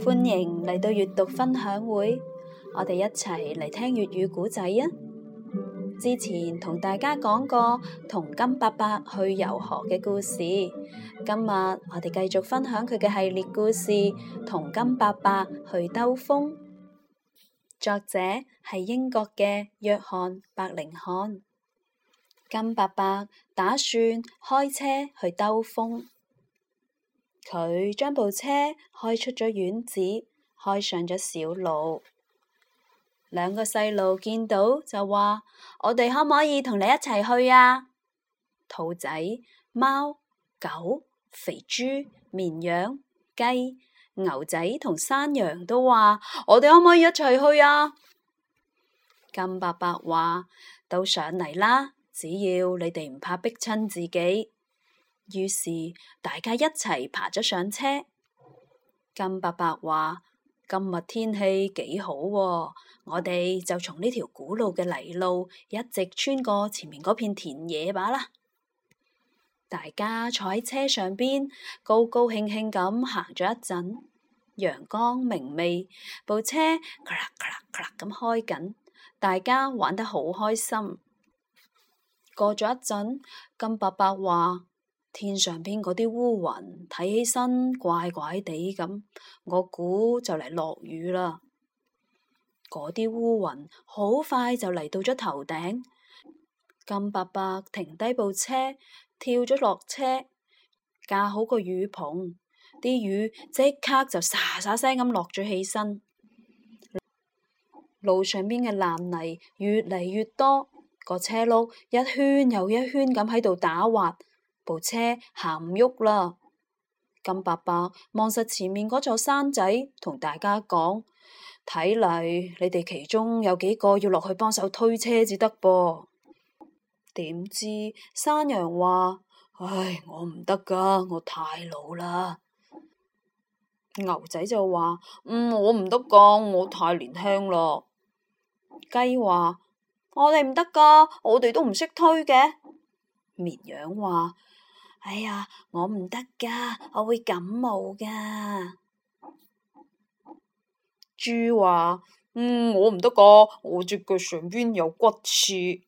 歡迎嚟到閱讀分享會，我哋一齊嚟聽粵語古仔啊！之前同大家講過《同甘伯伯去遊河》嘅故事，今日我哋繼續分享佢嘅系列故事《同甘伯伯去兜風》。作者係英國嘅約翰白靈漢。甘伯伯打算開車去兜風。佢將部車開出咗院子，開上咗小路。兩個細路見到就話：我哋可唔可以同你一齊去啊？兔仔、貓、狗、肥豬、綿羊、雞、牛仔同山羊都話：我哋可唔可以一齊去啊？甘伯伯話：都上嚟啦，只要你哋唔怕逼親自己。於是大家一齊爬咗上車。甘伯伯話：今日天，天氣幾好，哦，我哋就從呢條古老嘅泥路一直穿過前面嗰片田野吧啦。大家坐喺車上邊，高高興興咁行咗一陣，陽光明媚，部車啦啦啦咁開緊，大家玩得好開心。過咗一陣，甘伯伯話。天上邊嗰啲烏雲睇起身怪怪地咁，我估就嚟落雨啦。嗰啲烏雲好快就嚟到咗頭頂，甘伯伯停低部車，跳咗落車，架好個雨棚，啲雨即刻就沙沙聲咁落咗起身。路上邊嘅爛泥越嚟越多，個車轆一圈又一圈咁喺度打滑。.部車行唔喐啦，甘伯伯望實前面嗰座山仔，同大家講：睇嚟你哋其中有幾個要落去幫手推車至得噃。點知山羊話：唉，我唔得噶，我太老啦。牛仔就話：嗯，我唔得噶，我太年輕咯。雞話：我哋唔得噶，我哋都唔識推嘅。綿羊話：哎呀，我唔得噶，我會感冒噶。豬話：嗯，我唔得噶，我隻腳上邊有骨刺。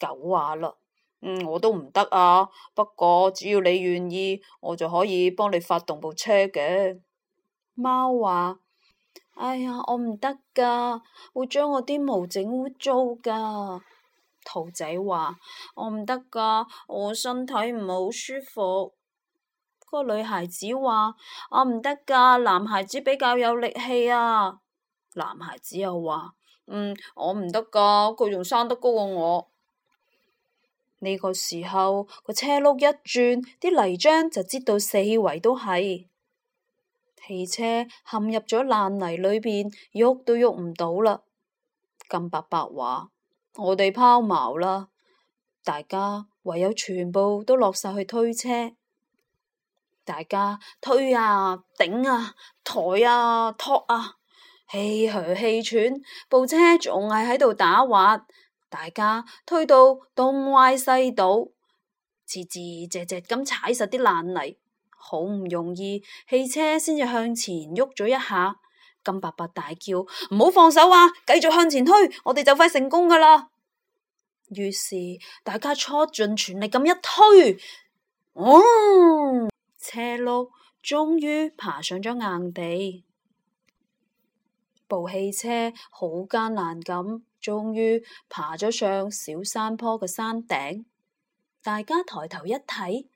狗話啦，嗯，我都唔得啊。不過只要你願意，我就可以幫你發動部車嘅。貓話：哎呀，我唔得噶，會將我啲毛整污糟噶。兔仔話：我唔得噶，我身體唔好舒服。個女孩子話：我唔得噶，男孩子比較有力氣啊。男孩子又話：嗯，我唔得噶，佢仲生得高過我。呢個時候，個車轆一轉，啲泥漿就擠到四圍都係。汽車陷入咗爛泥裏邊，喐都喐唔到啦。甘伯伯話。我哋拋錨啦，大家唯有全部都落晒去推車，大家推啊、頂啊、抬啊、托啊，氣噓氣喘，部車仲係喺度打滑，大家推到東歪西倒，字字只只咁踩實啲爛泥，好唔容易汽車先至向前喐咗一下。甘伯伯大叫：唔好放手啊！繼續向前推，我哋就快成功噶啦！於是大家出盡全力咁一推，哦、嗯，車轆終於爬上咗硬地，部汽車好艱難咁，終於爬咗上小山坡嘅山頂。大家抬頭一睇，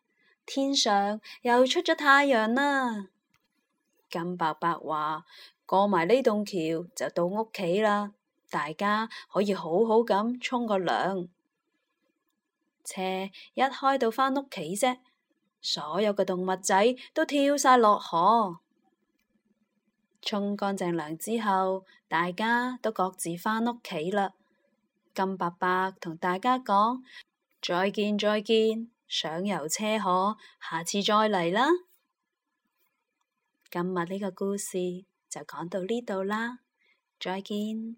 天上又出咗太陽啦！甘伯伯話。過埋呢棟橋就到屋企啦，大家可以好好咁沖個涼。車一開到返屋企啫，所有嘅動物仔都跳晒落河，沖乾淨涼之後，大家都各自返屋企啦。甘伯伯同大家講再見，再見，上游車河，下次再嚟啦。今日呢個故事，就講到呢度啦，再見。